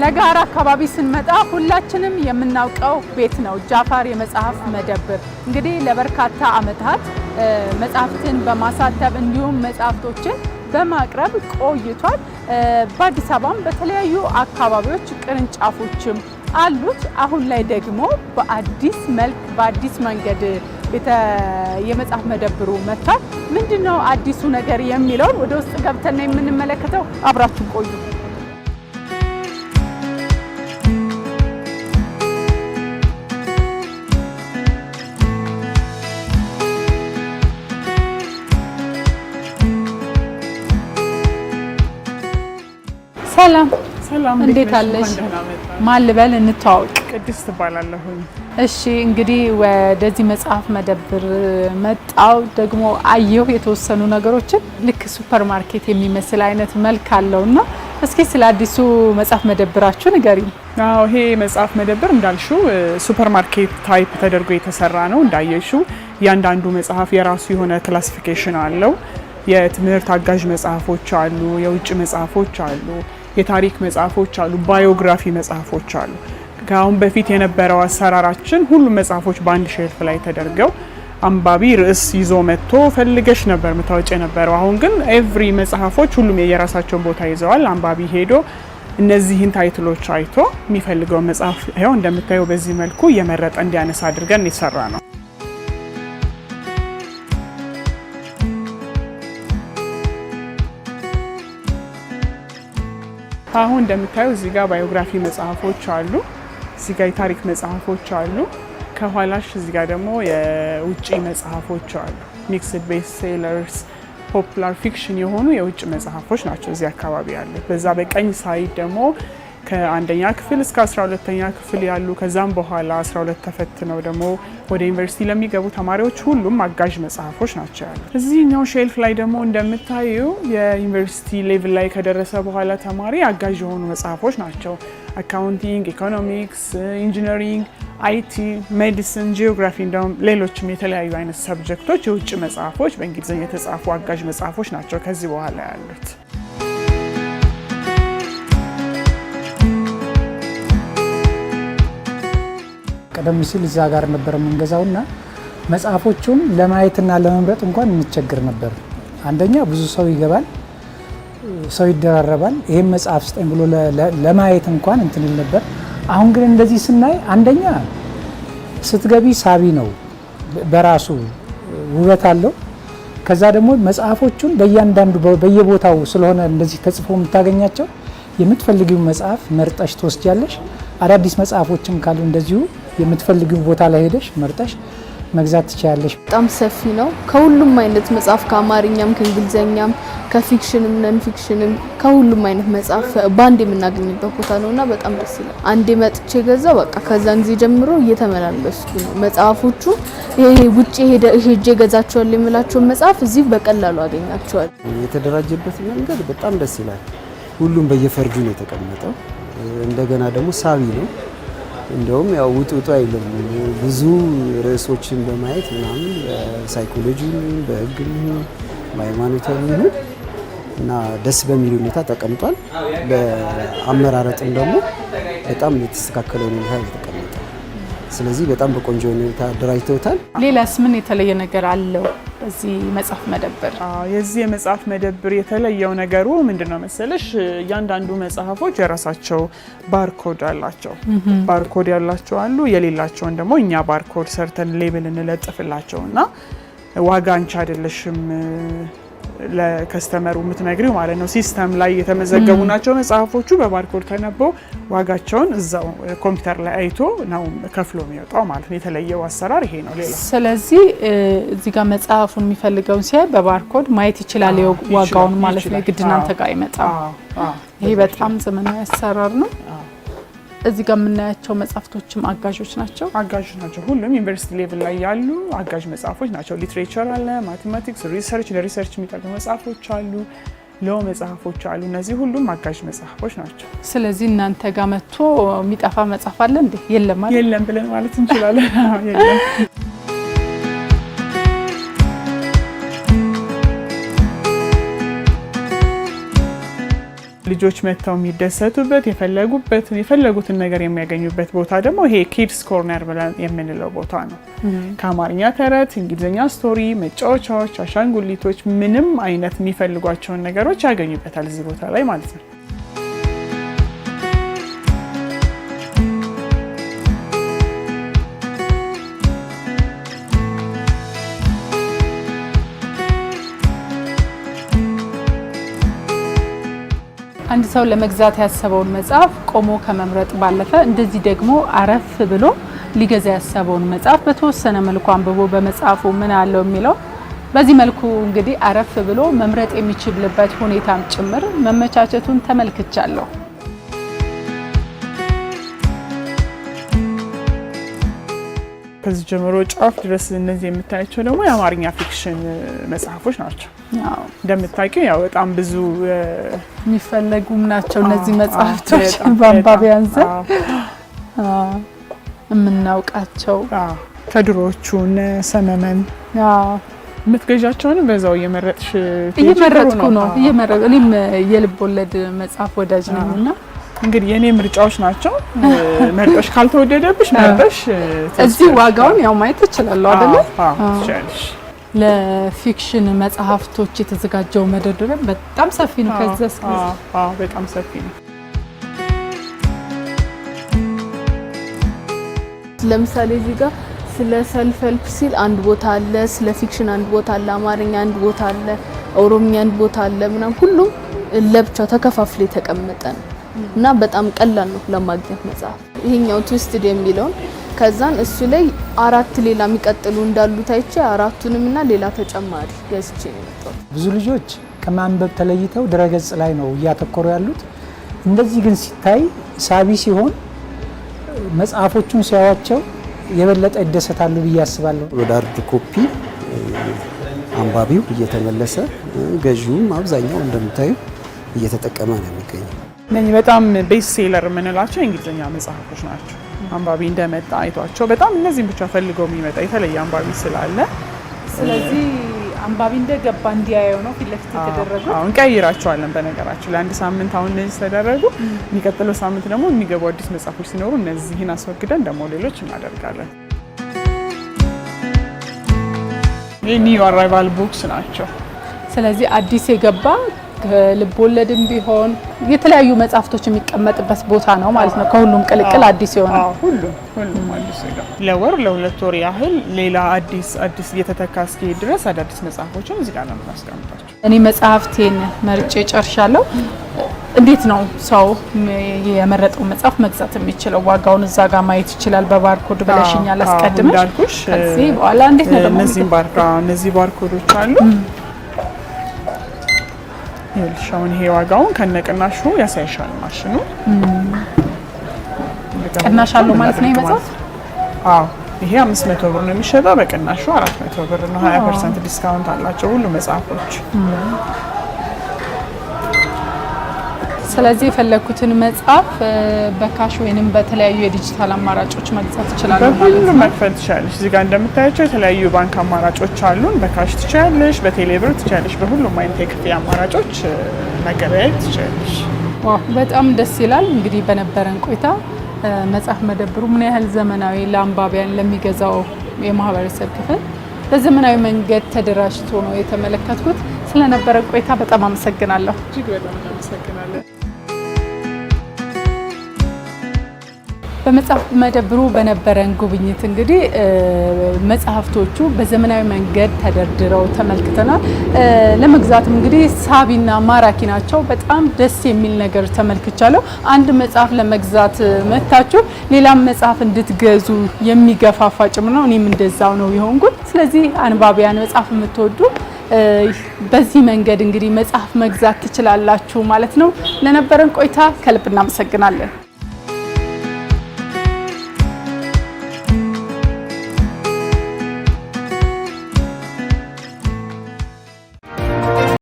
ለጋራ አካባቢ ስንመጣ ሁላችንም የምናውቀው ቤት ነው ጃፋር የመጽሐፍ መደብር። እንግዲህ ለበርካታ ዓመታት መጽሐፍትን በማሳተብ እንዲሁም መጽሐፍቶችን በማቅረብ ቆይቷል። በአዲስ አበባም በተለያዩ አካባቢዎች ቅርንጫፎችም አሉት። አሁን ላይ ደግሞ በአዲስ መልክ በአዲስ መንገድ የመጽሐፍ መደብሩ መጥቷል። ምንድን ነው አዲሱ ነገር የሚለውን ወደ ውስጥ ገብተን የምንመለከተው። አብራችሁ ቆዩ። ሰላም ሰላም፣ እንዴት አለሽ? ማን ልበል? እንተዋወቅ። ቅድስት ትባላለሁ። እሺ፣ እንግዲህ ወደዚህ መጽሐፍ መደብር መጣው ደግሞ አየሁ የተወሰኑ ነገሮችን ልክ ሱፐር ማርኬት የሚመስል አይነት መልክ አለውና እስኪ ስለ አዲሱ መጽሐፍ መደብራችሁ ንገሪኝ። አዎ ይሄ መጽሐፍ መደብር እንዳልሽው ሱፐር ማርኬት ታይፕ ተደርጎ የተሰራ ነው። እንዳየሽው እያንዳንዱ መጽሐፍ የራሱ የሆነ ክላሲፊኬሽን አለው። የትምህርት አጋዥ መጽሐፎች አሉ፣ የውጭ መጽሐፎች አሉ የታሪክ መጽሐፎች አሉ፣ ባዮግራፊ መጽሐፎች አሉ። ከአሁን በፊት የነበረው አሰራራችን ሁሉም መጽሐፎች በአንድ ሼልፍ ላይ ተደርገው አንባቢ ርዕስ ይዞ መጥቶ ፈልገሽ ነበር ምታወጭ የነበረው። አሁን ግን ኤቭሪ መጽሐፎች ሁሉም የየራሳቸውን ቦታ ይዘዋል። አንባቢ ሄዶ እነዚህን ታይትሎች አይቶ የሚፈልገው መጽሐፍ ይኸው እንደምታየው በዚህ መልኩ እየመረጠ እንዲያነሳ አድርገን የሰራ ነው። አሁን እንደምታዩ እዚህ ጋር ባዮግራፊ መጽሐፎች አሉ። እዚህ ጋር የታሪክ መጽሐፎች አሉ። ከኋላሽ እዚህ ጋር ደግሞ የውጭ መጽሐፎች አሉ። ሚክስድ ቤስት ሴለርስ፣ ፖፑላር ፊክሽን የሆኑ የውጭ መጽሐፎች ናቸው እዚህ አካባቢ ያሉ። በዛ በቀኝ ሳይድ ደግሞ ከአንደኛ ክፍል እስከ 12ተኛ ክፍል ያሉ ከዛም በኋላ 12 ተፈትነው ደግሞ ወደ ዩኒቨርሲቲ ለሚገቡ ተማሪዎች ሁሉም አጋዥ መጽሐፎች ናቸው ያሉ። እዚህኛው ሼልፍ ላይ ደግሞ እንደምታዩ የዩኒቨርሲቲ ሌቭል ላይ ከደረሰ በኋላ ተማሪ አጋዥ የሆኑ መጽሐፎች ናቸው። አካውንቲንግ፣ ኢኮኖሚክስ፣ ኢንጂነሪንግ፣ አይቲ፣ ሜዲሲን፣ ጂኦግራፊ እንዲሁም ሌሎችም የተለያዩ አይነት ሰብጀክቶች የውጭ መጽሐፎች በእንግሊዝኛ የተጻፉ አጋዥ መጽሐፎች ናቸው ከዚህ በኋላ ያሉት። ቀደም ሲል እዛ ጋር ነበር የምንገዛው እና መጽሐፎቹን ለማየትና ለመምረጥ እንኳን እንቸግር ነበር። አንደኛ ብዙ ሰው ይገባል፣ ሰው ይደራረባል። ይህም መጽሐፍ ስጠኝ ብሎ ለማየት እንኳን እንትንል ነበር። አሁን ግን እንደዚህ ስናይ አንደኛ ስትገቢ ሳቢ ነው በራሱ ውበት አለው። ከዛ ደግሞ መጽሐፎቹን በእያንዳንዱ በየቦታው ስለሆነ እንደዚህ ተጽፎ የምታገኛቸው የምትፈልጊው መጽሐፍ መርጠሽ ትወስጃለሽ። አዳዲስ መጽሐፎችም ካሉ እንደዚሁ የምትፈልጊው ቦታ ላይ ሄደሽ መርጠሽ መግዛት ትችላለሽ። በጣም ሰፊ ነው። ከሁሉም አይነት መጽሐፍ ከአማርኛም፣ ከእንግሊዝኛም፣ ከፊክሽንም፣ ነንፊክሽንም ከሁሉም አይነት መጽሐፍ በአንድ የምናገኝበት ቦታ ነው እና በጣም ደስ ይላል። አንዴ መጥቼ ገዛ በቃ ከዛን ጊዜ ጀምሮ እየተመላለስኩ ነው። መጽሐፎቹ ውጭ ሄጄ ገዛቸዋል የምላቸውን መጽሐፍ እዚህ በቀላሉ አገኛቸዋል። የተደራጀበት መንገድ በጣም ደስ ይላል። ሁሉም በየፈርጁ ነው የተቀመጠው። እንደገና ደግሞ ሳቢ ነው እንደውም ያው ውጥ ውጡ አይልም። ብዙ ርዕሶችን በማየት ምናምን በሳይኮሎጂ በህግ በሃይማኖታዊ እና ደስ በሚል ሁኔታ ተቀምጧል። በአመራረጥም ደግሞ በጣም የተስተካከለ ሁኔታ ተቀምጧል። ስለዚህ በጣም በቆንጆ ሁኔታ አደራጅተውታል። ሌላስ ምን የተለየ ነገር አለው? በዚህ መጽሐፍ መደብር። የዚህ የመጽሐፍ መደብር የተለየው ነገሩ ምንድነው መሰለሽ፣ እያንዳንዱ መጽሐፎች የራሳቸው ባርኮድ አላቸው። ባርኮድ ያላቸው አሉ፣ የሌላቸውን ደግሞ እኛ ባርኮድ ሰርተን ሌብል እንለጥፍላቸው እና ዋጋ አንቺ አይደለሽም ለከስተመሩ የምትነግሪው ማለት ነው። ሲስተም ላይ የተመዘገቡ ናቸው መጽሐፎቹ። በባርኮድ ተነበው ዋጋቸውን እዛው ኮምፒውተር ላይ አይቶ ነው ከፍሎ የሚወጣው ማለት ነው። የተለየው አሰራር ይሄ ነው። ሌላ ስለዚህ እዚህ ጋር መጽሐፉን የሚፈልገውን ሲያይ በባርኮድ ማየት ይችላል ዋጋውን ማለት ነው። ግድ እናንተ ጋር ይሄ በጣም ዘመናዊ አሰራር ነው። እዚህ ጋር የምናያቸው መጽሐፍቶችም አጋዦች ናቸው። አጋዦች ናቸው። ሁሉም ዩኒቨርሲቲ ሌቭል ላይ ያሉ አጋዥ መጽሐፎች ናቸው። ሊትሬቸር አለ፣ ማቴማቲክስ፣ ሪሰርች፣ ለሪሰርች የሚጠቅሙ መጽሐፎች አሉ፣ ለው መጽሐፎች አሉ። እነዚህ ሁሉም አጋዥ መጽሐፎች ናቸው። ስለዚህ እናንተ ጋር መጥቶ የሚጠፋ መጽሐፍ አለ እንዴ? የለም የለም ብለን ማለት እንችላለን። የለም ልጆች መጥተው የሚደሰቱበት የፈለጉበትን የፈለጉትን ነገር የሚያገኙበት ቦታ ደግሞ ይሄ ኪድስ ኮርነር ብለን የምንለው ቦታ ነው። ከአማርኛ ተረት፣ እንግሊዝኛ ስቶሪ፣ መጫወቻዎች፣ አሻንጉሊቶች፣ ምንም አይነት የሚፈልጓቸውን ነገሮች ያገኙበታል እዚህ ቦታ ላይ ማለት ነው። አንድ ሰው ለመግዛት ያሰበውን መጽሐፍ ቆሞ ከመምረጥ ባለፈ እንደዚህ ደግሞ አረፍ ብሎ ሊገዛ ያሰበውን መጽሐፍ በተወሰነ መልኩ አንብቦ በመጽሐፉ ምን አለው የሚለው በዚህ መልኩ እንግዲህ አረፍ ብሎ መምረጥ የሚችልበት ሁኔታም ጭምር መመቻቸቱን ተመልክቻለሁ። ከዚህ ጀምሮ ጫፍ ድረስ እነዚህ የምታያቸው ደግሞ የአማርኛ ፊክሽን መጽሐፎች ናቸው። እንደምታውቂው ያው በጣም ብዙ የሚፈለጉም ናቸው እነዚህ መጽሐፍቶች በአንባቢያን ዘንድ የምናውቃቸው ከድሮዎቹ ሰመመን የምትገዣቸውንም በዛው እየመረጥሽ እየመረጥኩ ነው። እየመረጥ እኔም የልብ ወለድ መጽሐፍ ወዳጅ ነኝ ነኝና እንግዲህ የኔ ምርጫዎች ናቸው። መርጠሽ ካልተወደደብሽ መርጠሽ እዚህ ዋጋውን ያው ማየት ትችላለሁ አይደለ? ለፊክሽን መጽሐፍቶች የተዘጋጀው መደርደሪያ በጣም ሰፊ ነው። ከዛ እስከ በጣም ሰፊ ነው። ለምሳሌ እዚህ ጋር ስለ ሰልፍ ሄልፕ ሲል አንድ ቦታ አለ፣ ስለ ፊክሽን አንድ ቦታ አለ፣ አማርኛ አንድ ቦታ አለ፣ ኦሮምኛ አንድ ቦታ አለ። ምናምን ሁሉም ለብቻው ተከፋፍሎ የተቀመጠ ነው። እና በጣም ቀላል ነው ለማግኘት መጽሐፍ። ይሄኛው ትዊስትድ የሚለውን ከዛን እሱ ላይ አራት ሌላ የሚቀጥሉ እንዳሉ ታይቼ አራቱንም እና ሌላ ተጨማሪ ገዝቼ ነው የመጣሁት። ብዙ ልጆች ከማንበብ ተለይተው ድረገጽ ላይ ነው እያተኮሩ ያሉት። እንደዚህ ግን ሲታይ ሳቢ ሲሆን መጽሐፎቹን ሲያዋቸው የበለጠ ይደሰታሉ ብዬ አስባለሁ። ወደ አርድ ኮፒ አንባቢው እየተመለሰ ገዢውም አብዛኛው እንደምታዩ እየተጠቀመ ነው የሚገኘው። እነዚህ በጣም ቤስት ሴለር የምንላቸው የእንግሊዝኛ መጽሐፎች ናቸው። አንባቢ እንደመጣ አይቷቸው በጣም እነዚህም ብቻ ፈልገው የሚመጣ የተለየ አንባቢ ስላለ ስለዚህ አንባቢ እንደገባ እንዲያየው ነው ፊት ለፊት አሁን ቀይራቸዋለን። በነገራችን ለአንድ ሳምንት አሁን እነዚህ ተደረጉ። የሚቀጥለው ሳምንት ደግሞ የሚገቡ አዲስ መጽሐፎች ሲኖሩ እነዚህን አስወግደን ደግሞ ሌሎች እናደርጋለን። ይህ ኒው አራይቫል ቡክስ ናቸው። ስለዚህ አዲስ የገባ ከልብ ወለድም ቢሆን የተለያዩ መጽሐፍቶች የሚቀመጥበት ቦታ ነው ማለት ነው። ከሁሉም ቅልቅል አዲስ የሆነ ሁሉም ሁሉም አዲስ ለወር ለሁለት ወር ያህል ሌላ አዲስ አዲስ እየተተካ እስኪሄድ ድረስ አዳዲስ መጽሐፎችን እዚህ ጋር ነው የምናስቀምጣቸው። እኔ መጽሐፍቴን መርጬ ጨርሻለሁ። እንዴት ነው ሰው የመረጠው መጽሐፍ መግዛት የሚችለው? ዋጋውን እዛ ጋር ማየት ይችላል። በባርኮድ ብለሽኛል አስቀድመሽ። ከዚህ በኋላ እንዴት ነው ደግሞ እነዚህ ባርኮዶች አሉ ይኸውልሽ አሁን ይሄ ዋጋውን ከነቅናሹ ያሳይሻል ማሽኑ። ቅናሽ አለው ማለት ነው የመጣው? አዎ ይሄ 500 ብር ነው የሚሸጠው፣ በቅናሹ 400 ብር ነው። 20 ፐርሰንት ዲስካውንት አላቸው ሁሉ መጽሐፎች። ስለዚህ የፈለግኩትን መጽሐፍ በካሽ ወይንም በተለያዩ የዲጂታል አማራጮች መግዛት ይችላል። በሁሉም መክፈል ትችላለች። እዚህ ጋር እንደምታያቸው የተለያዩ ባንክ አማራጮች አሉን። በካሽ ትችላለች፣ በቴሌብር ትችላለች፣ በሁሉም አይነት የክፍያ አማራጮች መገበያየት ትችላለች። በጣም ደስ ይላል። እንግዲህ በነበረን ቆይታ መጽሐፍ መደብሩ ምን ያህል ዘመናዊ ለአንባቢያን ለሚገዛው የማህበረሰብ ክፍል በዘመናዊ መንገድ ተደራጅቶ ነው የተመለከትኩት። ስለነበረ ቆይታ በጣም አመሰግናለሁ። እጅግ በጣም አመሰግናለሁ። በመጽሐፍ መደብሩ በነበረን ጉብኝት እንግዲህ መጽሐፍቶቹ በዘመናዊ መንገድ ተደርድረው ተመልክተናል። ለመግዛትም እንግዲህ ሳቢና ማራኪ ናቸው። በጣም ደስ የሚል ነገር ተመልክቻለሁ። አንድ መጽሐፍ ለመግዛት መታችሁ ሌላም መጽሐፍ እንድትገዙ የሚገፋፋ ጭም ነው። እኔም እንደዛው ነው የሆንኩት። ስለዚህ አንባቢያን መጽሐፍ የምትወዱ በዚህ መንገድ እንግዲህ መጽሐፍ መግዛት ትችላላችሁ ማለት ነው። ለነበረን ቆይታ ከልብ እናመሰግናለን።